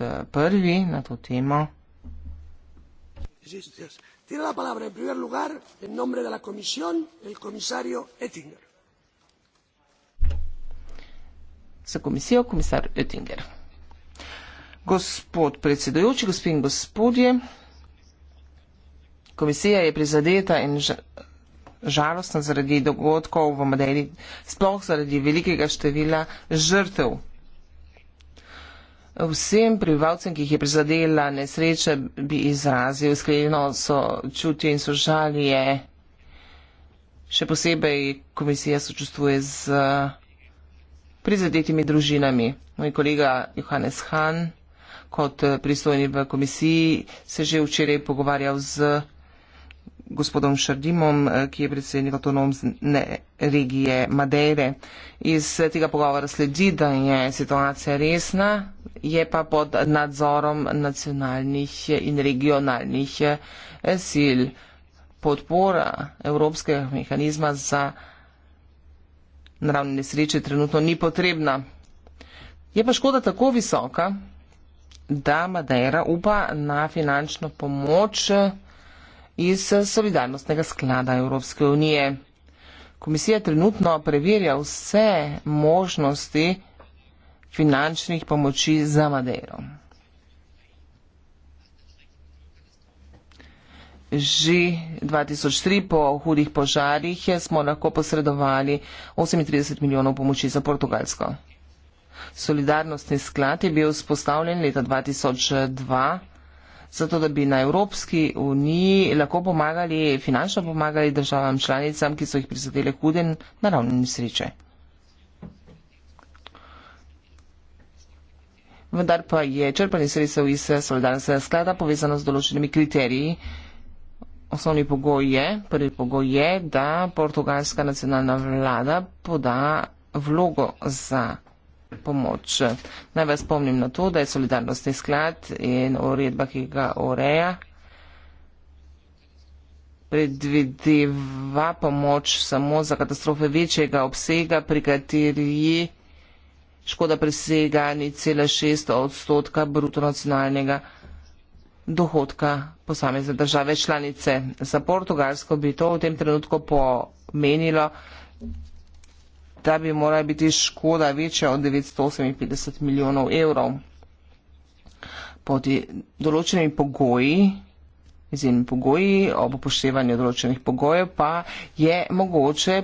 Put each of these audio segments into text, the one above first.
Eh, prvi na to temo. Za komisijo, komisar Oettinger. Gospod predsedujoči, gospod in gospodje, komisija je prizadeta in žalostna zaradi dogodkov v Madeji, sploh zaradi velikega števila žrtev Vsem prebivalcem, ki jih je prizadela nesreča, bi izrazil iskreno sočutje in sožalje. Še posebej komisija sočustvuje z prizadetimi družinami. Moj kolega Johannes Han, kot pristojni v komisiji, se že včeraj pogovarjal z gospodom Šardimom, eh, ki je predsednik avtonomne regije Madeire. Iz eh, tega pogovora sledi, da je situacija resna, je pa pod nadzorom nacionalnih eh, in regionalnih sil. Podpora evropskega mehanizma za naravne nesreče trenutno ni potrebna. Je pa škoda tako visoka, da Madeira upa na finančno pomoč iz solidarnostnega sklada Evropske unije. Komisija trenutno preverja vse možnosti finančnih pomoči za Madejo. Že 2003 po hudih požarih smo lahko posredovali 38 milijonov pomoči za Portugalsko. Solidarnostni sklad je bil vzpostavljen leta 2002 zato da bi na Evropski uniji lahko pomagali, finančno pomagali državam članicam, ki so jih prizadele hude naravne nesreče. Vendar pa je črpanje sredstev iz solidarnostnega sklada povezano z določenimi kriteriji. Osnovni pogoj je, prvi pogoj je, da portugalska nacionalna vlada poda vlogo za pomoč. Naj vas spomnim na to, da je solidarnostni sklad in uredba, ki ga ureja, predvideva pomoč samo za katastrofe večjega obsega, pri kateri škoda presega ni cela šest odstotka brutonacionalnega dohodka posamezne države članice. Za Portugalsko bi to v tem trenutku pomenilo da bi morala biti škoda večja od 958 milijonov evrov. Pod določenimi pogoji, izjemnimi pogoji, ob upoštevanju določenih pogojev, pa je mogoče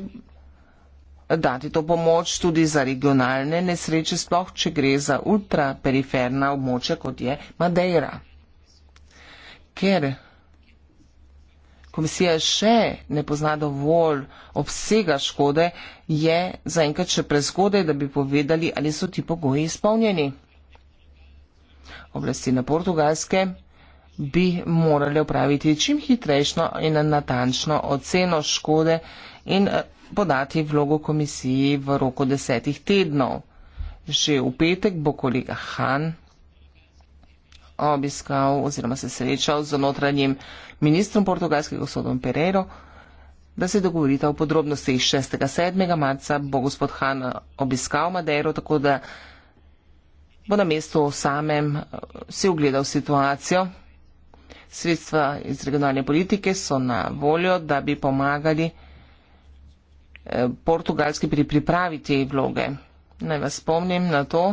dati to pomoč tudi za regionalne nesreče, sploh če gre za ultraperiferna območja, kot je Madeira. Ker komisija še ne pozna dovolj obsega škode, je zaenkrat še prezgodaj, da bi povedali, ali so ti pogoji izpolnjeni. Oblasti na portugalske bi morali upraviti čim hitrejšno in natančno oceno škode in eh, podati vlogo komisiji v roku desetih tednov. Že v petek bo kolega Han obiskal oziroma se srečal z notranjim ministrom portugalskega gospodom Pereiro, da se dogovorita o podrobnosti. 6. 7. marca bo gospod Han obiskal Madeiro, tako da bo na mestu samem eh, si ogledal situacijo. Sredstva iz regionalne politike so na voljo, da bi pomagali eh, portugalski pri pripravi te vloge. Naj vas spomnim na to,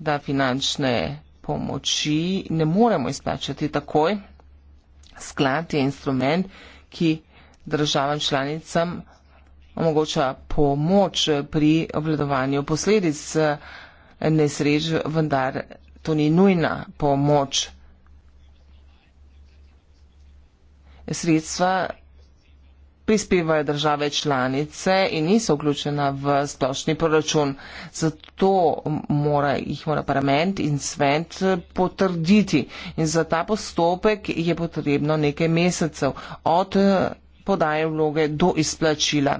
da finančne pomoči ne moremo izplačati takoj. Sklad je instrument, ki državam članicam omogoča pomoč pri obvladovanju posledic nesreč, vendar to ni nujna pomoč. Sredstva prispevajo države članice in niso vključena v splošni proračun. Zato mora, jih mora parlament in svet potrditi. In za ta postopek je potrebno nekaj mesecev od podaje vloge do izplačila.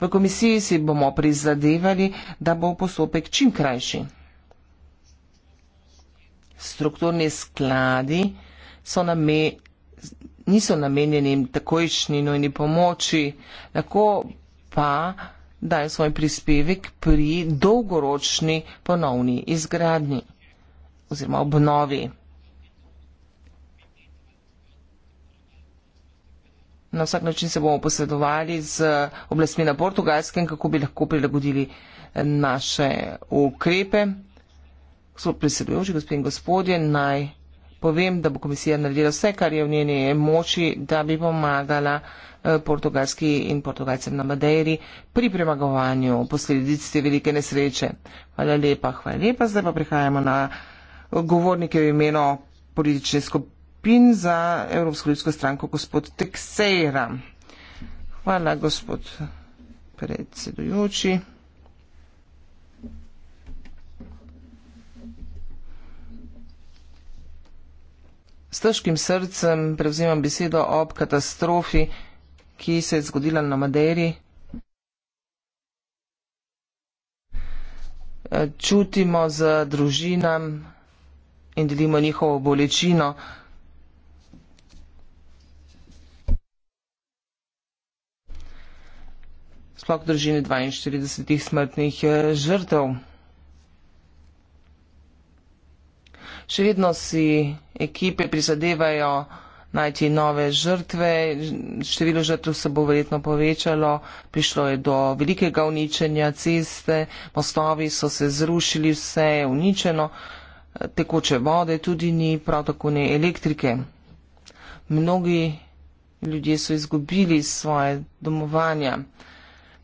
V komisiji si bomo prizadevali, da bo postopek čim krajši. Strukturni skladi so nam niso namenjeni takojšnji nojni pomoči, lahko pa dajo svoj prispevek pri dolgoročni ponovni izgradnji oziroma obnovi. Na vsak način se bomo posredovali z oblastmi na portugalskem, kako bi lahko prilagodili naše ukrepe. Gospod predsedujoči, gospod in gospodje, naj povem, da bo komisija naredila vse, kar je v njeni moči, da bi pomagala eh, portugalski in portugalcem na Madeiri pri premagovanju posledic te velike nesreče. Hvala lepa, hvala lepa. Zdaj pa prihajamo na eh, govornike v imeno politične skupin za Evropsko ljudsko stranko, gospod Teksejra. Hvala, gospod predsedujoči. S težkim srcem prevzemam besedo ob katastrofi, ki se je zgodila na Madeiri. Čutimo za družinam in delimo njihovo bolečino. Sploh družine 42 smrtnih eh, žrtev. še vedno si ekipe prizadevajo najti nove žrtve, število žrtev se bo verjetno povečalo, prišlo je do velikega uničenja ceste, mostovi so se zrušili, vse je uničeno, tekoče vode tudi ni, prav tako ne elektrike. Mnogi ljudje so izgubili svoje domovanja.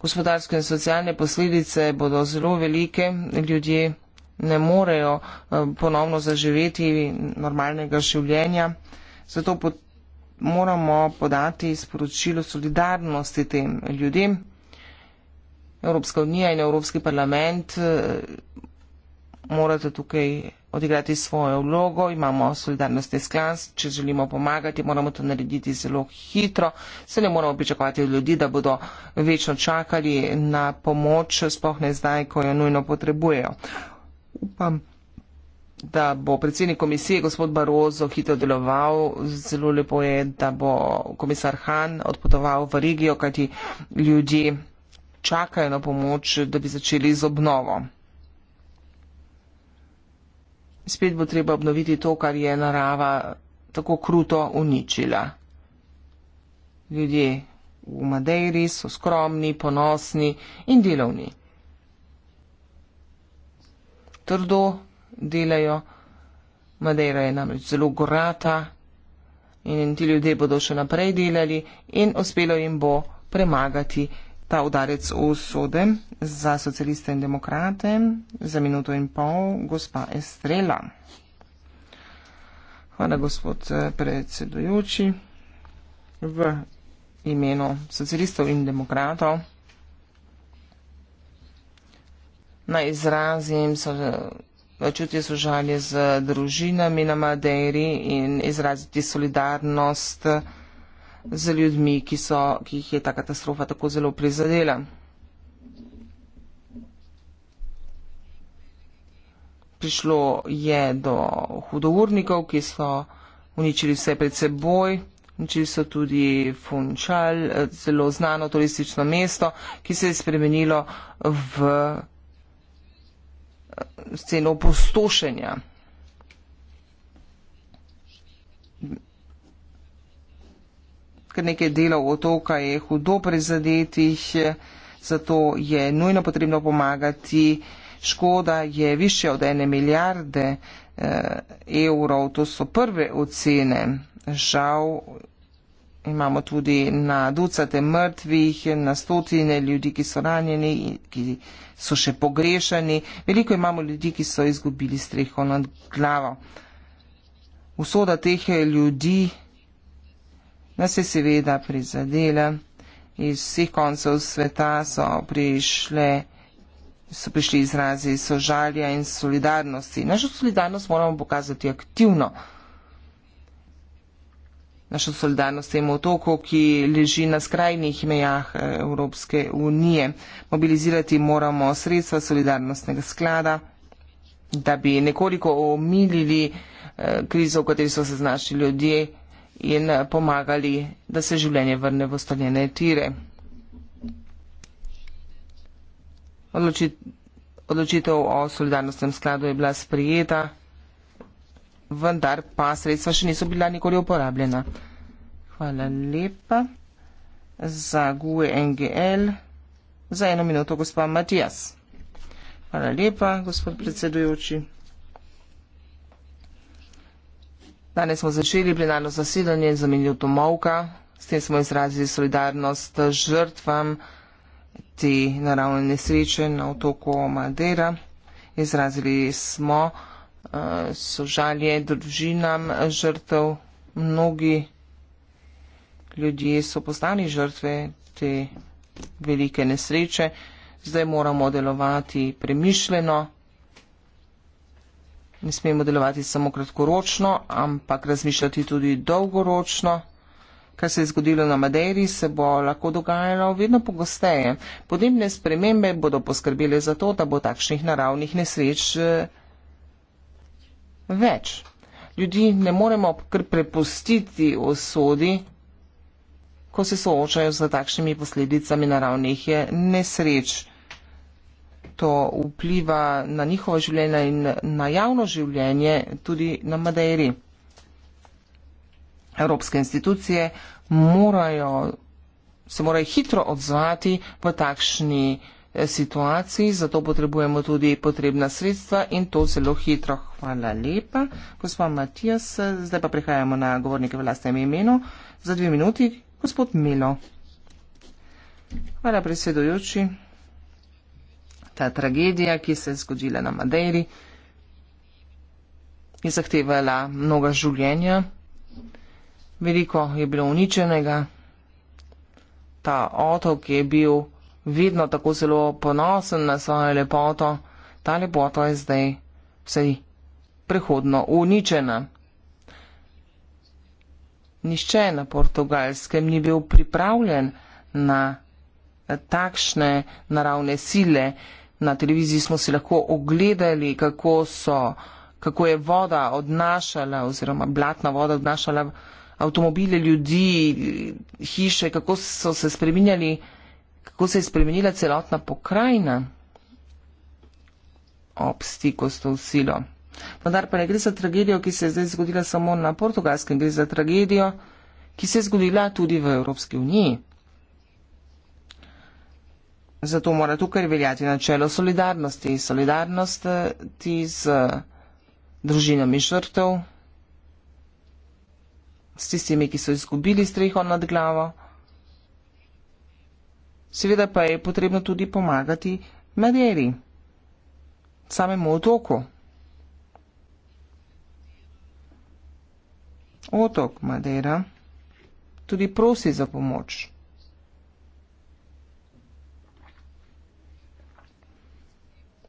Gospodarske in socialne posledice bodo zelo velike, ljudje ne morejo eh, ponovno zaživeti normalnega življenja. Zato pod, moramo podati sporočilo solidarnosti tem ljudem. Evropska unija in Evropski parlament eh, morate tukaj odigrati svojo vlogo, imamo solidarnostni sklans, če želimo pomagati, moramo to narediti zelo hitro, se ne moramo pričakovati od ljudi, da bodo večno čakali na pomoč, spohne zdaj, ko jo nujno potrebujejo upam, da bo predsednik komisije gospod Barozo hitro deloval. Zelo lepo je, da bo komisar Han odpotoval v regijo, kajti ljudje čakajo na pomoč, da bi začeli z obnovo. Spet bo treba obnoviti to, kar je narava tako kruto uničila. Ljudje v Madeiri so skromni, ponosni in delovni trdo delajo. Madeira je namreč zelo gorata in ti ljudje bodo še naprej delali in uspelo jim bo premagati ta udarec v sode za socialiste in demokrate za minuto in pol gospa Estrela. Hvala, gospod eh, predsedujoči, v imenu socialistov in demokratov. Naj izrazim čutje sožalje z družinami na Madeiri in izraziti solidarnost z ljudmi, ki, so, ki jih je ta katastrofa tako zelo prizadela. Prišlo je do hudournikov, ki so uničili vse pred seboj. Uničili so tudi Funčal, zelo znano turistično mesto, ki se je spremenilo v celo postošenja. Ker nekaj delov otoka je hudo prizadetih, zato je nujno potrebno pomagati. Škoda je više od ene milijarde eh, evrov, to so prve ocene. Žal imamo tudi na ducate mrtvih, na stotine ljudi, ki so ranjeni, ki so še pogrešani. Veliko imamo ljudi, ki so izgubili streho nad glavo. Usoda teh ljudi nas je seveda prizadela. Iz vseh koncev sveta so prišle so prišli izrazi sožalja in solidarnosti. Našo solidarnost moramo pokazati aktivno našo solidarnost temu otoku, ki leži na skrajnih mejah eh, Evropske unije. Mobilizirati moramo sredstva solidarnostnega sklada, da bi nekoliko omilili eh, krizo, v kateri so se znašli ljudje in eh, pomagali, da se življenje vrne v ustaljene tire. Odločitev o solidarnostnem skladu je bila sprijeta vendar pa sredstva še niso bila nikoli uporabljena. Hvala lepa za GUE NGL. Za eno minuto, gospa Matijas. Hvala lepa, gospod predsedujoči. Danes smo začeli plenarno zasedanje za minuto molka. S tem smo izrazili solidarnost žrtvam te naravne nesreče na otoku Madeira. Izrazili smo uh, sožalje družinam žrtev. Mnogi ljudje so postali žrtve te velike nesreče. Zdaj moramo delovati premišljeno. Ne smemo delovati samo kratkoročno, ampak razmišljati tudi dolgoročno. Kar se je zgodilo na Madeiri, se bo lahko dogajalo vedno pogosteje. Podnebne spremembe bodo poskrbele za to, da bo takšnih naravnih nesreč eh, več. Ljudi ne moremo kar prepustiti v sodi, ko se soočajo z takšnimi posledicami naravnih je nesreč. To vpliva na njihovo življenje in na javno življenje tudi na Madeiri. Evropske institucije morajo, se morajo hitro odzvati v takšni situaciji situaciji, zato potrebujemo tudi potrebna sredstva in to zelo hitro. Hvala lepa, gospod Matijas. Zdaj pa prehajamo na govornike v lastnem imenu. Za dve minuti, gospod Milo. Hvala, predsedujoči. Ta tragedija, ki se je zgodila na Madeiri, je zahtevala mnoga življenja. Veliko je bilo uničenega. Ta otok je bil vedno tako zelo ponosen na svojo lepoto, ta lepota je zdaj vsej prehodno uničena. Nišče na portugalskem ni bil pripravljen na takšne naravne sile. Na televiziji smo si lahko ogledali, kako, so, kako je voda odnašala oziroma blatna voda odnašala avtomobile ljudi, hiše, kako so se spreminjali kako se je spremenila celotna pokrajina ob stiku s to silo. Vendar pa ne gre za tragedijo, ki se je zdaj zgodila samo na portugalskem, gre za tragedijo, ki se je zgodila tudi v Evropski uniji. Zato mora tukaj veljati načelo solidarnosti. Solidarnost eh, ti z eh, družinami žrtev, s tistimi, ki so izgubili streho nad glavo. Seveda pa je potrebno tudi pomagati Madeiri, samemu otoku. Otok Madeira tudi prosi za pomoč.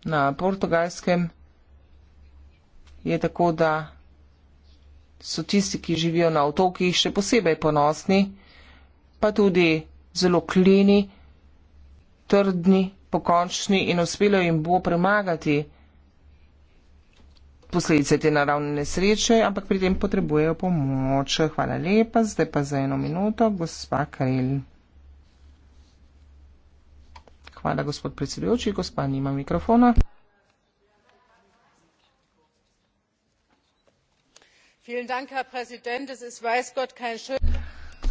Na portugalskem je tako, da so tisti, ki živijo na otokih, še posebej ponosni, pa tudi zelo kleni trdni, pokončni in uspelo jim bo premagati posledice te naravne nesreče, ampak pri tem potrebujejo pomoč. Hvala lepa, zdaj pa za eno minuto, gospa Karel. Hvala, gospod predsedujoči, gospa nima mikrofona.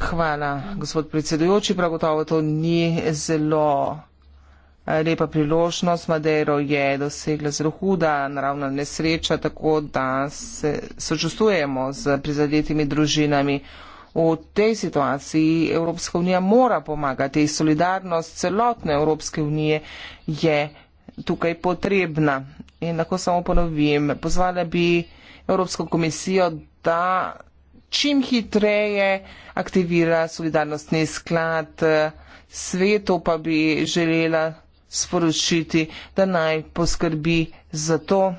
Hvala, gospod predsedujoči, prav gotovo to ni zelo lepa priložnost. Madero je dosegla zelo huda naravna nesreča, tako da se sočustujemo z prizadetimi družinami. V tej situaciji Evropska unija mora pomagati. Solidarnost celotne Evropske unije je tukaj potrebna. In lahko samo ponovim, pozvala bi Evropsko komisijo, da čim hitreje aktivira solidarnostni sklad svetu, pa bi želela sporočiti, da naj poskrbi za to,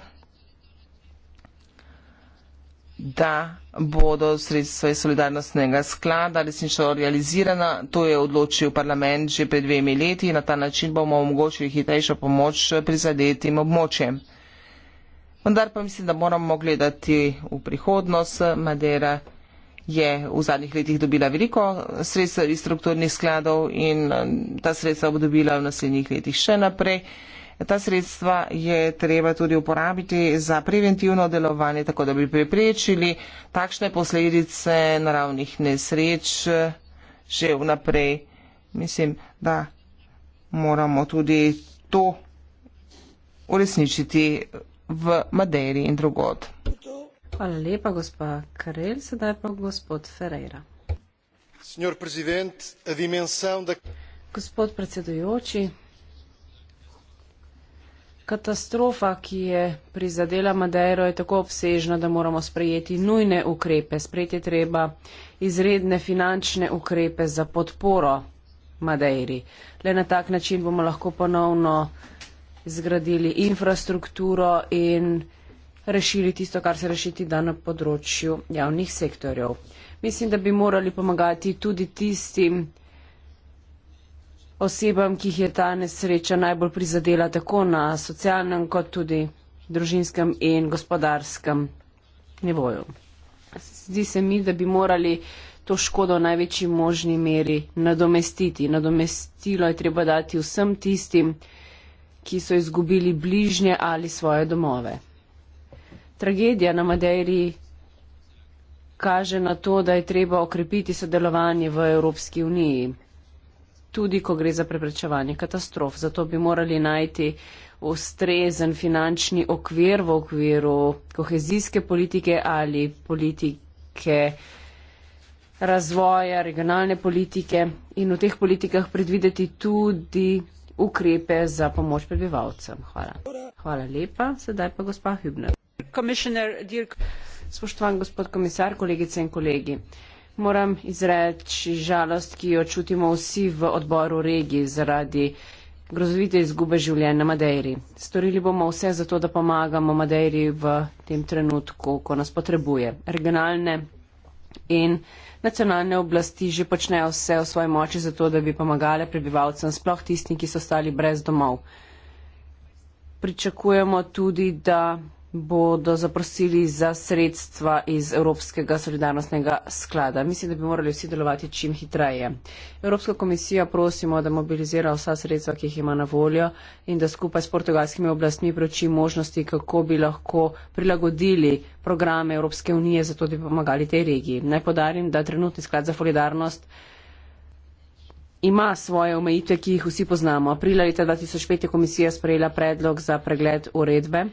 da bodo sredstva iz solidarnostnega sklada resnično realizirana. To je odločil parlament že pred dvemi leti in na ta način bomo omogočili hitrejšo pomoč prizadetim območjem. Vendar pa mislim, da moramo gledati v prihodnost Madera je v zadnjih letih dobila veliko sredstev iz strukturnih skladov in eh, ta sredstva bo dobila v naslednjih letih še naprej. Ta sredstva je treba tudi uporabiti za preventivno delovanje, tako da bi preprečili takšne posledice naravnih nesreč eh, že vnaprej. Mislim, da moramo tudi to uresničiti v Maderi in drugod. To Hvala lepa, gospa Karel. Sedaj pa gospod Ferreira. Gospod predsedujoči, katastrofa, ki je prizadela Madeiro, je tako obsežna, da moramo sprejeti nujne ukrepe. Sprejeti je treba izredne finančne ukrepe za podporo Madeiri. Le na tak način bomo lahko ponovno zgradili infrastrukturo in infrastrukturo rešili tisto, kar se rešiti da na področju javnih sektorjev. Mislim, da bi morali pomagati tudi tistim osebam, ki jih je ta nesreča najbolj prizadela tako na socialnem kot tudi družinskem in gospodarskem nivoju. Zdi se mi, da bi morali to škodo v največji možni meri nadomestiti. Nadomestilo je treba dati vsem tistim, ki so izgubili bližnje ali svoje domove tragedija na Madeiri kaže na to, da je treba okrepiti sodelovanje v Evropski uniji, tudi ko gre za preprečevanje katastrof. Zato bi morali najti ustrezen finančni okvir v okviru kohezijske politike ali politike razvoja, regionalne politike in v teh politikah predvideti tudi ukrepe za pomoč prebivalcem. Hvala. Hvala lepa. Sedaj pa gospa Hübner spoštovani gospod komisar kolegice in kolegi moram izreči žalost ki jo čutimo vsi v odboru regi zaradi grozovite izgube življenj na madeiri storili bomo vse za to da pomagamo madeiri v tem trenutku ko nas potrebuje regionalne in nacionalne oblasti že počnejo vse v svoji moči za to da bi pomagale prebivalcem sploh tistim ki so ostali brez domov pričakujemo tudi da bodo zaprosili za sredstva iz Evropskega solidarnostnega sklada. Mislim, da bi morali vsi delovati čim hitreje. Evropska komisija prosimo, da mobilizira vsa sredstva, ki jih ima na voljo in da skupaj s portugalskimi oblastmi proči možnosti, kako bi lahko prilagodili programe Evropske unije, zato da bi pomagali tej regiji. Naj podarim, da trenutni sklad za solidarnost ima svoje omejitve, ki jih vsi poznamo. Aprila leta 2005 je komisija sprejela predlog za pregled uredbe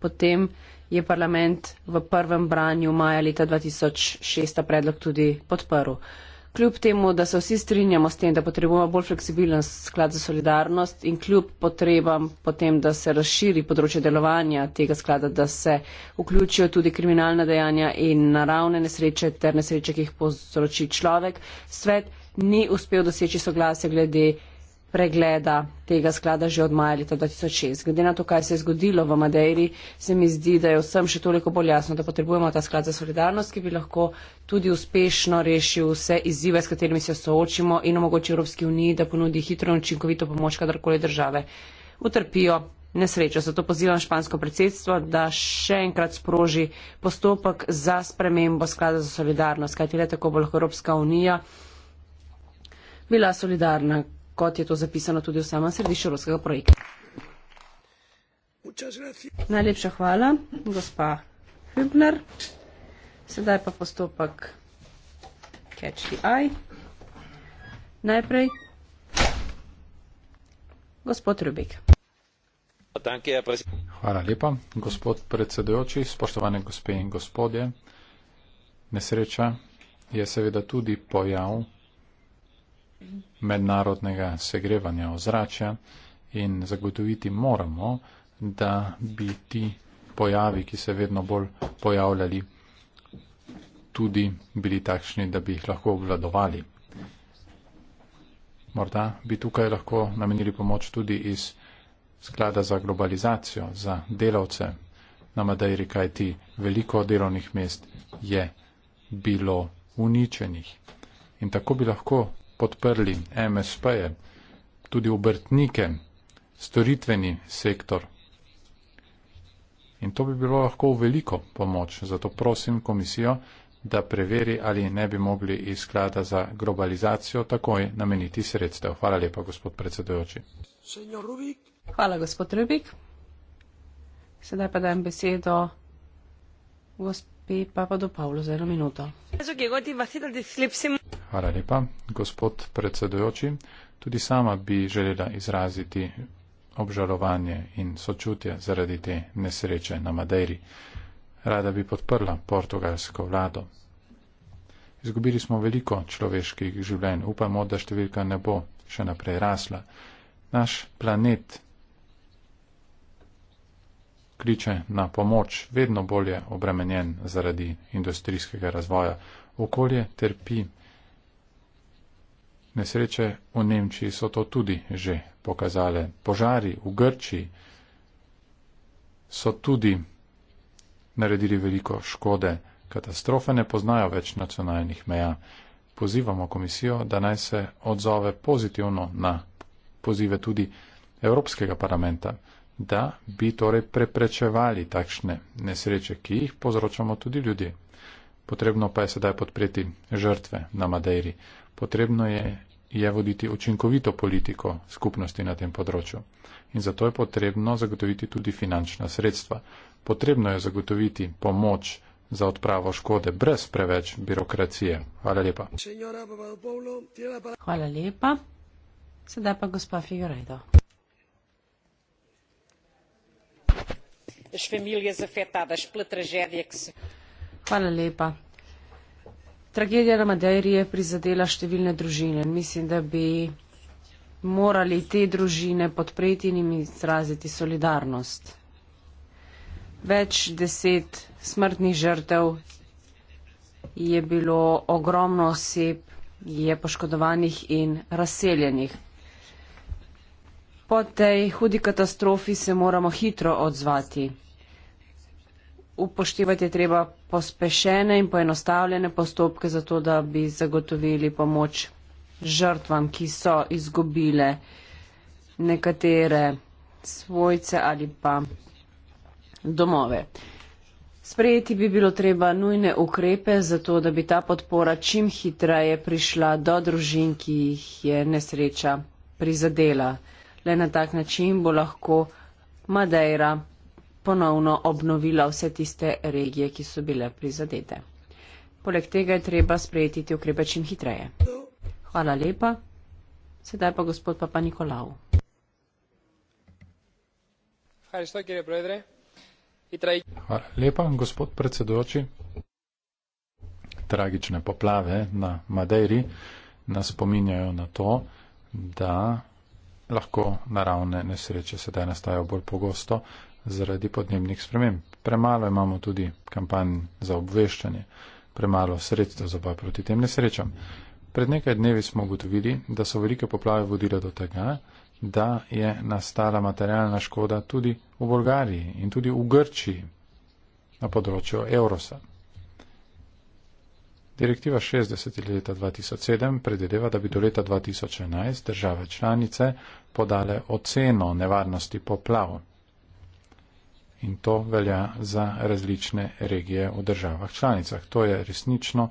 potem je parlament v prvem branju maja leta 2006 ta predlog tudi podprl. Kljub temu, da se vsi strinjamo s tem, da potrebujemo bolj fleksibilen sklad za solidarnost in kljub potrebam potem, da se razširi področje delovanja tega sklada, da se vključijo tudi kriminalna dejanja in naravne nesreče ter nesreče, ki jih povzroči človek, svet ni uspel doseči soglasja glede pregleda tega sklada že od maja leta 2006. Glede na to, kaj se je zgodilo v Madeiri, se mi zdi, da je vsem še toliko bolj jasno, da potrebujemo ta sklad za solidarnost, ki bi lahko tudi uspešno rešil vse izzive, s katerimi se soočimo in omogočil Evropski uniji, da ponudi hitro in učinkovito pomoč, kadarkoli države utrpijo nesrečo. Zato pozivam špansko predsedstvo, da še enkrat sproži postopek za spremembo sklada za solidarnost, kajti le tako bo lahko Evropska unija bila solidarna kot je to zapisano tudi v samem središču evropskega projekta. Najlepša hvala, gospa Hübner. Sedaj pa postopek Catch the Eye. Najprej gospod Rubik. Hvala lepa, gospod predsedujoči, spoštovane gospe in gospodje. Nesreča je seveda tudi pojav mednarodnega segrevanja ozračja in zagotoviti moramo, da bi ti pojavi, ki se vedno bolj pojavljali, tudi bili takšni, da bi jih lahko obvladovali. Morda bi tukaj lahko namenili pomoč tudi iz sklada za globalizacijo, za delavce na Madeiri, kajti veliko delovnih mest je bilo uničenih. In tako bi lahko podprli MSP-je, tudi obrtnike, storitveni sektor. In to bi bilo lahko veliko pomoč, zato prosim komisijo, da preveri, ali ne bi mogli iz sklada za globalizacijo takoj nameniti sredstev. Hvala lepa, gospod predsedujoči. Hvala, gospod Rubik. Sedaj pa dajem besedo gospe Papa do Pavlu za eno minuto. Hvala lepa. Gospod predsedujoči, tudi sama bi želela izraziti obžalovanje in sočutje zaradi te nesreče na Madeiri. Rada bi podprla portugalsko vlado. Izgubili smo veliko človeških življenj, upamo, da številka ne bo še naprej rasla. Naš planet kliče na pomoč, vedno bolje obremenjen zaradi industrijskega razvoja. Okolje trpi nesreče v Nemčiji so to tudi že pokazale. Požari v Grčiji so tudi naredili veliko škode. Katastrofe ne poznajo več nacionalnih meja. Pozivamo komisijo, da naj se odzove pozitivno na pozive tudi Evropskega parlamenta, da bi torej preprečevali takšne nesreče, ki jih povzročamo tudi ljudje. Potrebno pa je sedaj podpreti žrtve na Madeiri. Potrebno je je voditi učinkovito politiko skupnosti na tem področju. In zato je potrebno zagotoviti tudi finančna sredstva. Potrebno je zagotoviti pomoč za odpravo škode brez preveč birokracije. Hvala lepa. Hvala lepa. Sedaj pa gospa Figueiredo. Hvala lepa. Tragedija na Madeiri je prizadela številne družine. Mislim, da bi morali te družine podpreti in jim izraziti solidarnost. Več deset smrtnih žrtev je bilo ogromno oseb, je poškodovanih in razseljenih. Po tej hudi katastrofi se moramo hitro odzvati upoštevati je treba pospešene in poenostavljene postopke za to, da bi zagotovili pomoč žrtvam, ki so izgubile nekatere svojce ali pa domove. Sprejeti bi bilo treba nujne ukrepe za to, da bi ta podpora čim hitreje prišla do družin, ki jih je nesreča prizadela. Le na tak način bo lahko Madeira ponovno obnovila vse tiste regije, ki so bile prizadete. Poleg tega je treba sprejeti te ukrepe čim hitreje. Hvala lepa. Sedaj pa gospod Papa Nikolau. Hvala lepa, gospod predsedujoči. Tragične poplave na Madeiri nas spominjajo na to, da lahko naravne nesreče sedaj nastajajo bolj pogosto, zaradi podnebnih sprememb. Premalo imamo tudi kampanj za obveščanje, premalo sredstev za boj proti tem nesrečam. Pred nekaj dnevi smo ugotovili, da so velike poplave vodile do tega, da je nastala materialna škoda tudi v Bolgariji in tudi v Grčiji na področju Eurosa. Direktiva 60. leta 2007 predvideva, da bi do leta 2011 države članice podale oceno nevarnosti poplav in to velja za različne regije v državah članicah. To je resnično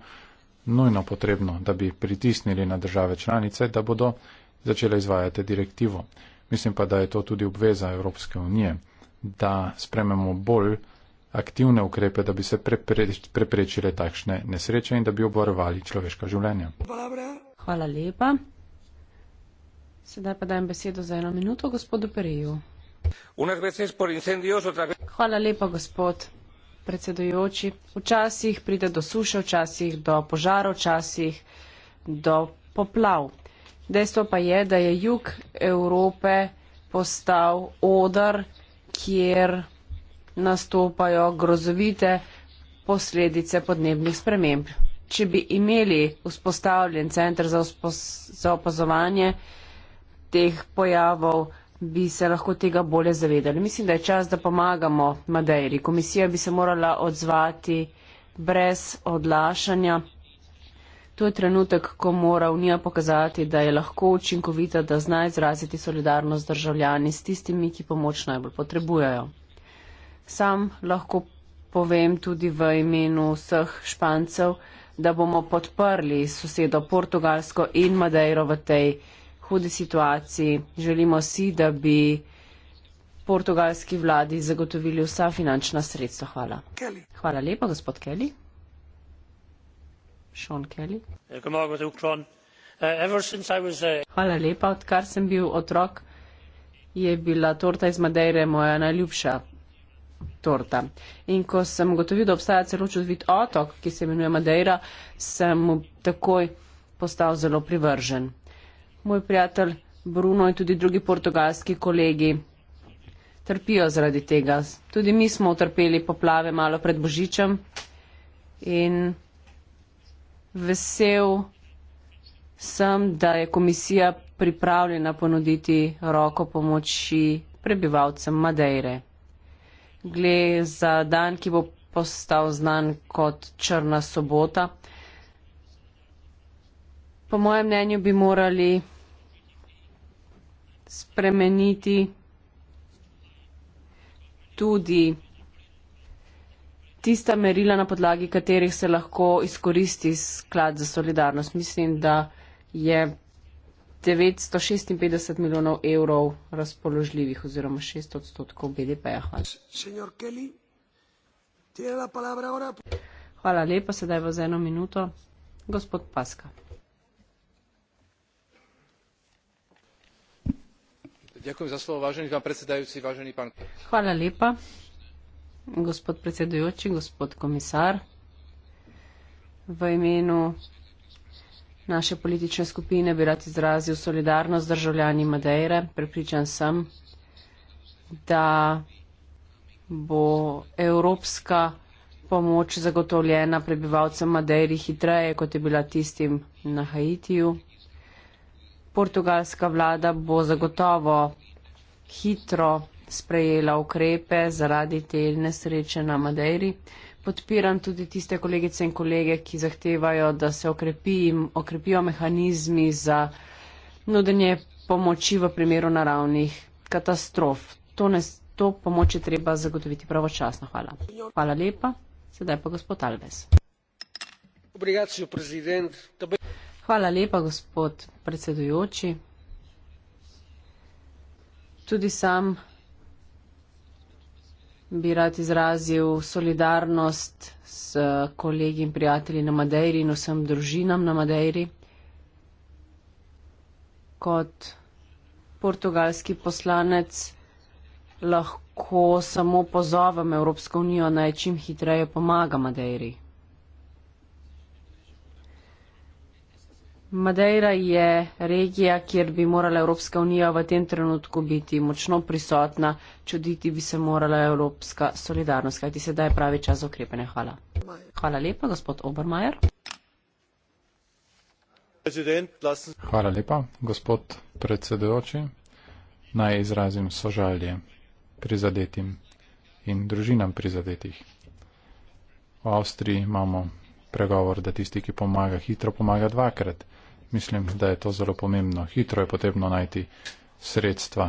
nujno potrebno, da bi pritisnili na države članice, da bodo začele izvajati direktivo. Mislim pa, da je to tudi obveza Evropske unije, da sprememo bolj aktivne ukrepe, da bi se preprečile takšne nesreče in da bi obvarovali človeška življenja. Hvala lepa. Sedaj pa dajem besedo za eno minuto gospodu Periju. Hvala lepa, gospod predsedujoči. Včasih pride do suše, včasih do požarov, včasih do poplav. Dejstvo pa je, da je jug Evrope postal odar, kjer nastopajo grozovite posledice podnebnih sprememb. Če bi imeli vzpostavljen centr za, za opazovanje teh pojavov, bi se lahko tega bolje zavedali. Mislim, da je čas, da pomagamo Madejri. Komisija bi se morala odzvati brez odlašanja. To je trenutek, ko mora Unija pokazati, da je lahko učinkovita, da zna izraziti solidarnost državljani s tistimi, ki pomoč najbolj potrebujejo. Sam lahko povem tudi v imenu vseh špancev, da bomo podprli sosedo Portugalsko in Madejro v tej državi hude situaciji. Želimo si, da bi portugalski vladi zagotovili vsa finančna sredstva. Hvala. Kelly. Hvala lepa, gospod Kelly. Sean Kelly. Uh, uh, Hvala lepa, odkar sem bil otrok, je bila torta iz Madeire moja najljubša torta. In ko sem ugotovil, da obstaja celo čudovit otok, ki se imenuje Madeira, sem mu takoj postal zelo privržen moj prijatelj Bruno in tudi drugi portugalski kolegi trpijo zaradi tega. Tudi mi smo utrpeli poplave malo pred Božičem in vesel sem, da je komisija pripravljena ponuditi roko pomoči prebivalcem Madeire. Gle za dan, ki bo postal znan kot Črna sobota. Po mojem mnenju bi morali spremeniti tudi tista merila, na podlagi katerih se lahko izkoristi sklad za solidarnost. Mislim, da je 956 milijonov evrov razpoložljivih oziroma 6 odstotkov BDP-ja. Hvala. Hvala lepa, sedaj v eno minuto. Gospod Paska. v imenu naše politične skupine bi rad izrazil solidarnost z državljani madeire prepričan sem da bo evropska pomoč zagotovljena prebivalcem madeiri hitreje kot je bila tistim na haitiju portugalska vlada bo zagotovo hitro sprejela ukrepe zaradi te nesreče na Madeiri. Podpiram tudi tiste kolegice in kolege, ki zahtevajo, da se okrepi, okrepijo mehanizmi za nudenje pomoči v primeru naravnih katastrof. To, ne, to pomoč je treba zagotoviti pravočasno. Hvala. Hvala lepa. Sedaj pa gospod Alves. Obrigacijo, Hvala lepa, gospod predsedujoči. Tudi sam bi rad izrazil solidarnost s kolegi in prijatelji na Madeiri in vsem družinam na Madeiri. Kot portugalski poslanec lahko samo pozovem Evropsko unijo, naj čim hitreje pomaga Madeiri. Madeira je regija, kjer bi morala Evropska unija v tem trenutku biti močno prisotna, čuditi bi se morala Evropska solidarnost, kajti sedaj je pravi čas za ukrepene. Hvala. Hvala lepa, gospod Obermajer. Hvala lepa, gospod predsedujoči. Naj izrazim sožalje prizadetim in družinam prizadetih. V Avstriji imamo pregovor, da tisti, ki pomaga hitro, pomaga dvakrat. Mislim, da je to zelo pomembno. Hitro je potrebno najti sredstva,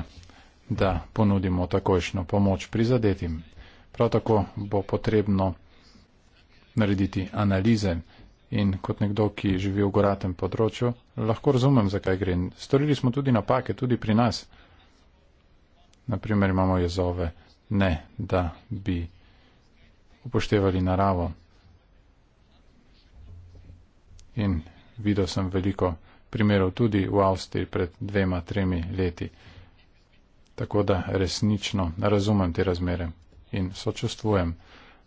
da ponudimo takojšno pomoč prizadetim. Prav tako bo potrebno narediti analize in kot nekdo, ki živi v goratem področju, lahko razumem, zakaj gre. Storili smo tudi napake, tudi pri nas. Naprimer, imamo jezove, ne, da bi upoštevali naravo in videl sem veliko primerov tudi v Avstriji pred dvema, tremi leti. Tako da resnično razumem te razmere in sočustvujem.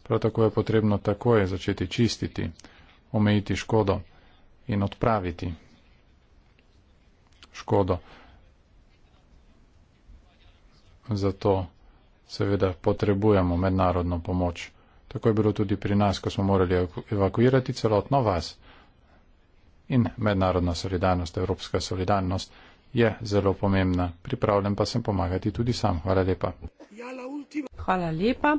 Prav tako je potrebno takoj začeti čistiti, omejiti škodo in odpraviti škodo. Zato seveda potrebujemo mednarodno pomoč. Tako je bilo tudi pri nas, ko smo morali evakuirati celotno vas in mednarodna solidarnost, evropska solidarnost je zelo pomembna. Pripravljen pa sem pomagati tudi sam. Hvala lepa. Hvala lepa.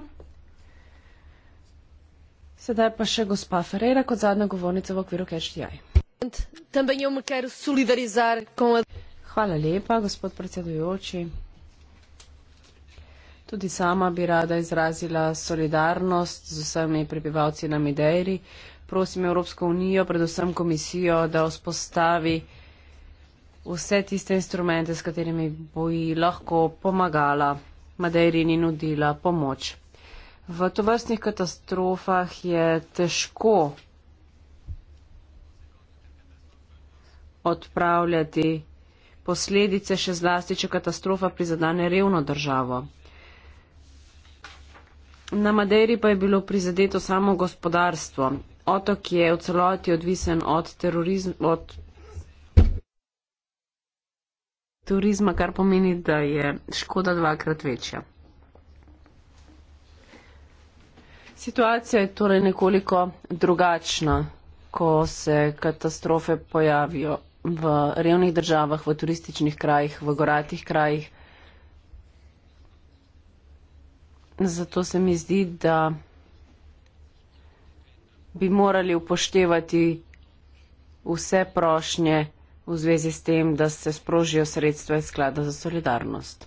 Sedaj pa še gospa Ferreira kot zadnja govornica v okviru KHDI. Hvala lepa, gospod predsedujoči. Tudi sama bi rada izrazila solidarnost z vsemi prebivalci na Mideiri, prosim Evropsko unijo, predvsem komisijo, da vzpostavi vse tiste instrumente, s katerimi bo ji lahko pomagala Madeirini nudila pomoč. V tovrstnih katastrofah je težko odpravljati posledice, še zlasti, če katastrofa prizadane revno državo. Na Madeiri pa je bilo prizadeto samo gospodarstvo otok je v celoti odvisen od terorizma, od turizma, kar pomeni, da je škoda dvakrat večja. Situacija je torej nekoliko drugačna, ko se katastrofe pojavijo v revnih državah, v turističnih krajih, v goratih krajih. Zato se mi zdi, da bi morali upoštevati vse prošnje v zvezi s tem, da se sprožijo sredstva iz sklada za solidarnost.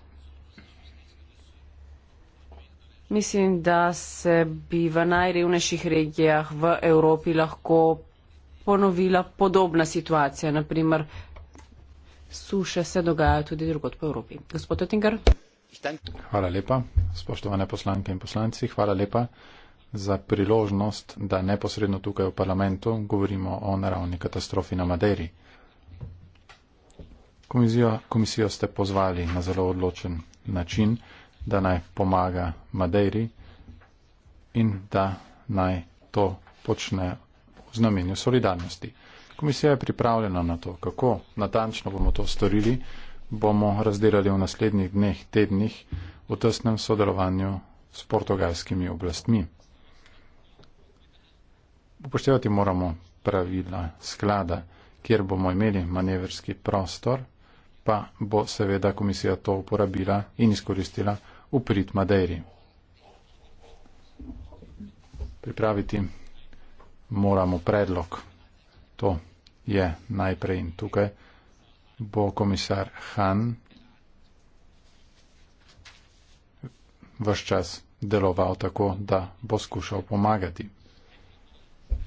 Mislim, da se bi v najrevnejših regijah v Evropi lahko ponovila podobna situacija. Naprimer, suše se dogaja tudi drugot po Evropi. Gospod Tinger. Hvala lepa, spoštovane poslanke in poslanci. Hvala lepa za priložnost, da neposredno tukaj v parlamentu govorimo o naravni katastrofi na Maderi. Komisijo, komisijo ste pozvali na zelo odločen način, da naj pomaga Maderi in da naj to počne v znamenju solidarnosti. Komisija je pripravljena na to, kako natančno bomo to storili, bomo razdelali v naslednjih dneh, tednih v tesnem sodelovanju s portugalskimi oblastmi upoštevati moramo pravila sklada, kjer bomo imeli manevrski prostor, pa bo seveda komisija to uporabila in izkoristila v prid Madeiri. Pripraviti moramo predlog. To je najprej in tukaj bo komisar Han vse čas deloval tako, da bo skušal pomagati.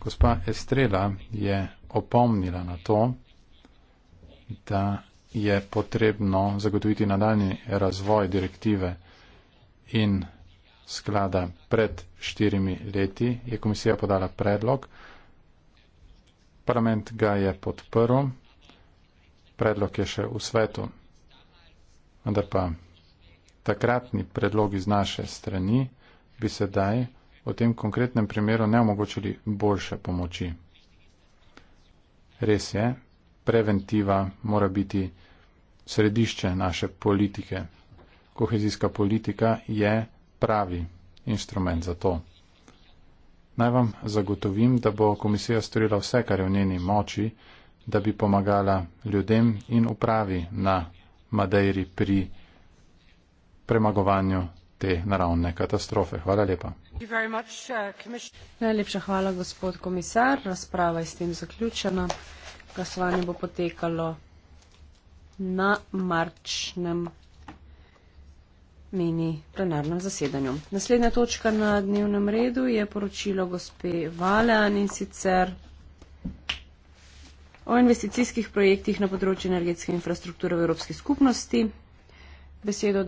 Gospa Estrela je opomnila na to, da je potrebno zagotoviti nadaljni razvoj direktive in sklada pred štirimi leti. Je komisija podala predlog, parlament ga je podprl, predlog je še v svetu. Vendar pa takratni predlogi z naše strani bi sedaj v tem konkretnem primeru ne omogočili boljše pomoči. Res je, preventiva mora biti središče naše politike. Kohezijska politika je pravi instrument za to. Naj vam zagotovim, da bo komisija storila vse, kar je v njeni moči, da bi pomagala ljudem in upravi na Madeiri pri premagovanju te naravne katastrofe. Hvala lepa. Uh, Najlepša hvala, gospod komisar. Razprava je s tem zaključena. Glasovanje bo potekalo na marčnem mini plenarnem zasedanju. Naslednja točka na dnevnem redu je poročilo gospe Valean in sicer o investicijskih projektih na področju energetske infrastrukture v Evropski skupnosti. Besedo